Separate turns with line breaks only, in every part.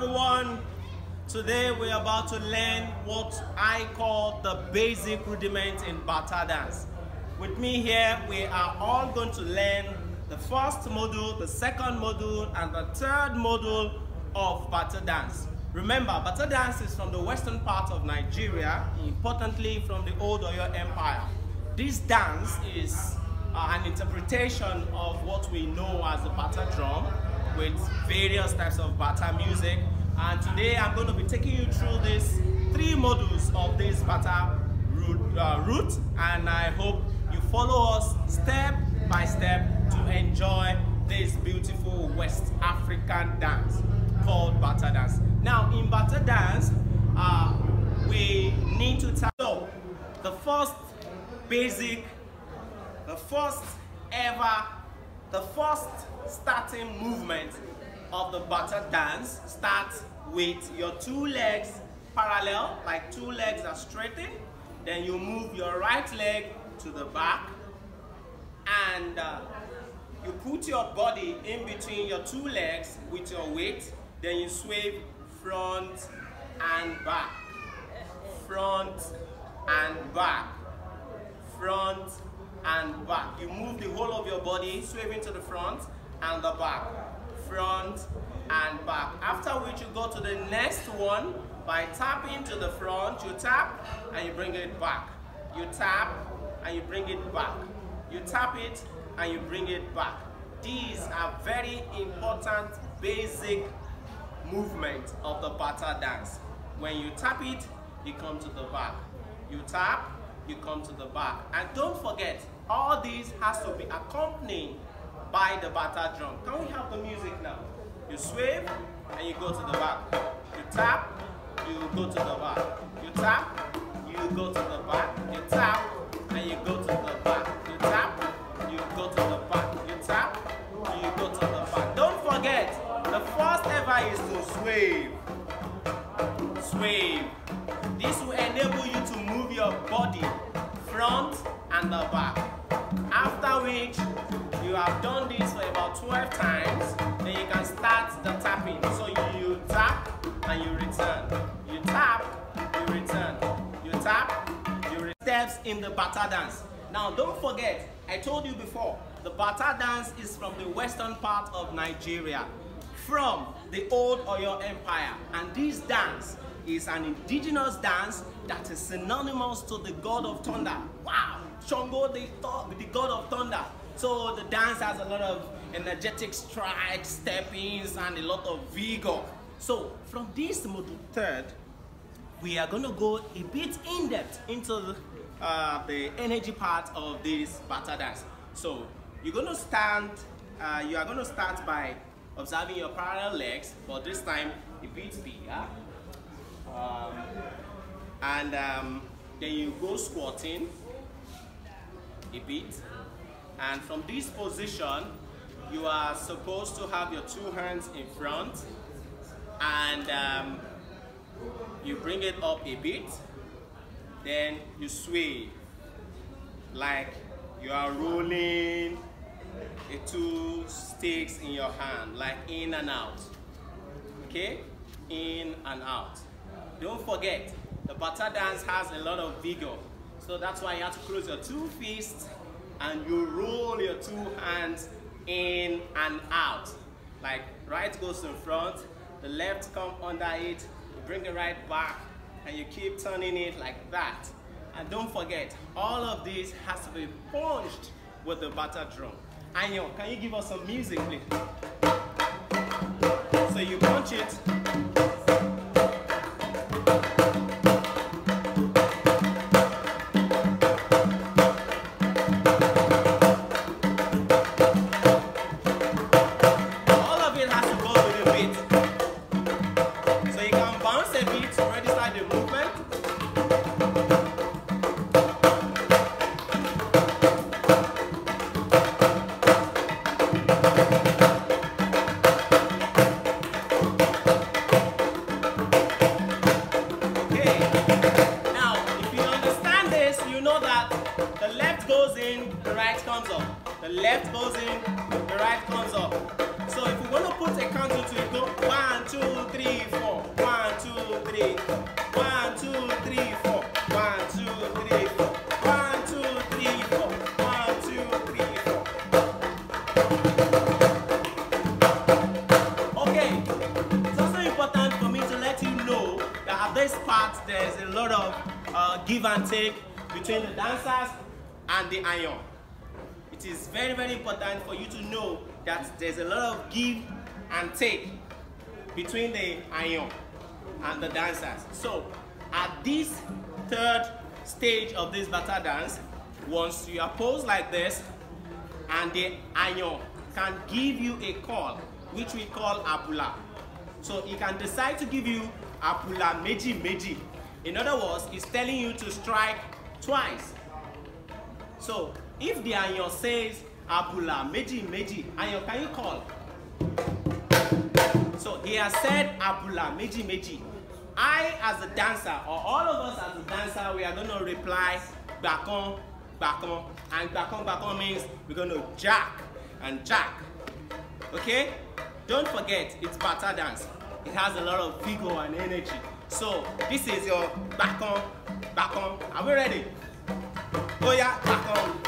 everyone. Today we're about to learn what I call the basic rudiment in Bata dance. With me here, we are all going to learn the first module, the second module, and the third module of Bata dance. Remember, Bata dance is from the western part of Nigeria, importantly from the old Oyo Empire. This dance is uh, an interpretation of what we know as the Bata drum, with various types of Bata music. And today I'm going to be taking you through these three modules of this Bata route, uh, route and I hope you follow us step by step to enjoy this beautiful West African dance called Bata dance. Now in Bata dance, uh, we need to tackle the first basic, the first ever the first starting movement of the butter dance starts with your two legs parallel, like two legs are straightened. Then you move your right leg to the back and uh, you put your body in between your two legs with your weight. Then you sway front and back, front and back, front and back. You move the whole of your body, swerving to the front and the back. Front and back. After which you go to the next one by tapping to the front. You tap and you bring it back. You tap and you bring it back. You tap it and you bring it back. These are very important basic movement of the bata dance. When you tap it, you come to the back. You tap, you come to the back. And don't forget, all these has to be accompanied by the batter drum. Can we have the music now? You swivel and you go to the back. You tap, you go to the back. You tap, you go to the back. You tap, and you go to the back. You tap, you go to the back. You tap, you go to the back. Don't forget, the first ever is to sway. Sway. This will enable you to move your body front and the back. 12 times, then you can start the tapping. So you, tap and you return. You tap, you return. You tap, you return. Steps in the bata dance. Now don't forget, I told you before, the bata dance is from the western part of Nigeria, from the old Oyo Empire. And this dance is an indigenous dance that is synonymous to the god of thunder. Wow! Chongo, the, the god of thunder. So the dance has a lot of energetic strides, step-ins, and a lot of vigor. So from this module third, we are going to go a bit in-depth into uh, the, energy part of this bata dance. So you're going to stand, uh, you are going to start by observing your parallel legs, but this time a bit bigger. Um, and um, then you go squatting a bit and from this position you are supposed to have your two hands in front and um, you bring it up a bit then you sway like you are rolling the two sticks in your hand like in and out okay in and out don't forget the bata dance has a lot of vigor so that's why you have to close your two fists and you roll your two hands in and out. Like right goes in front, the left come under it, you bring the right back, and you keep turning it like that. And don't forget, all of this has to be punched with the batter drum. Anyo, can you give us some music, please? So you punch it, left goes in, the right comes up. So if we want to put a counter to it, go one, two, three, four, one, two, three, one, two, three, four, one, two, three, four, one, two, three, four, one, two, three, four. Okay, it's also important for me to let you know that at this part there's a lot of uh, give and take between the dancers and the iron. it is very, very important for you to know that there's a lot of give and take between the iron and the dancers. So, at this third stage of this battle dance, once you are posed like this, and the iron can give you a call, which we call apula. So, he can decide to give you apula meji meji. In other words, he's telling you to strike twice. So, If the ayan says abula meji meji, ayan can you call? So he has said abula meji meji. I as a dancer or all of us as a dancer we are going to reply bakon bakon, and bakon bakon means we're going to jack and jack. Okay? Don't forget it's bata dance. It has a lot of vigor and energy. So this is your bakon bakon. Are we ready? Oh yeah, back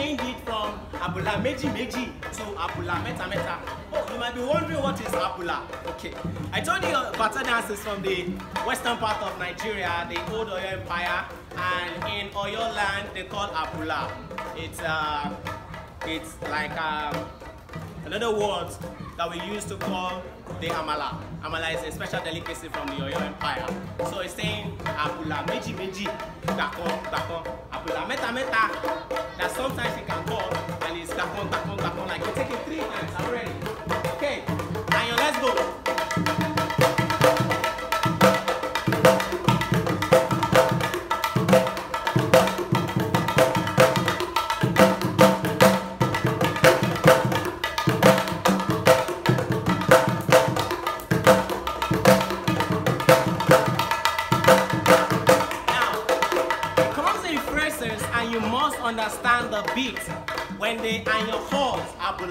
Abula Meji Meji to Abula Meta Meta. Oh, you might be wondering what is Abula. Okay, I told you Bata dance is from the western part of Nigeria, the old Oyo Empire, and in Oyo land they call Abula. It's uh, it's like um, another word that we used to call the Amala. Amala is a special delicacy from the Oyo Empire. So it's saying Abula Meji Meji, Dako, Dako, Abula Meta Meta, that sometimes you can call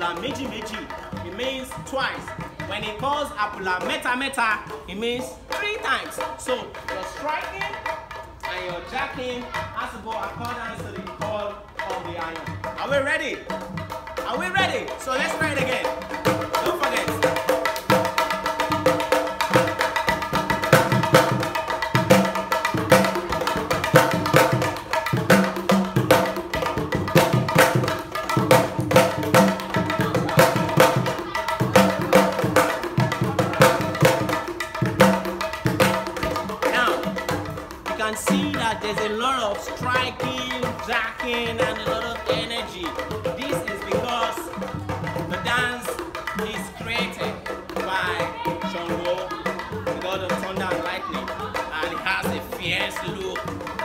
apula meji meji, it means twice. When it calls apula meta meta, it means three times. So your striking and your jacking has to go according to the call of the iron. Are we ready? Are we ready? So let's try it again. can see that there's a lot of striking, jacking, and a lot of energy. This is because the dance is created by Shango, the god of thunder and lightning, and it has a fierce look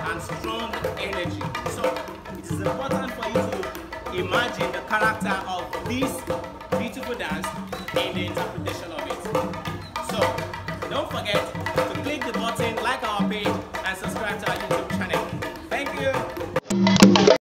and strong energy. So it is important for you to imagine the character of this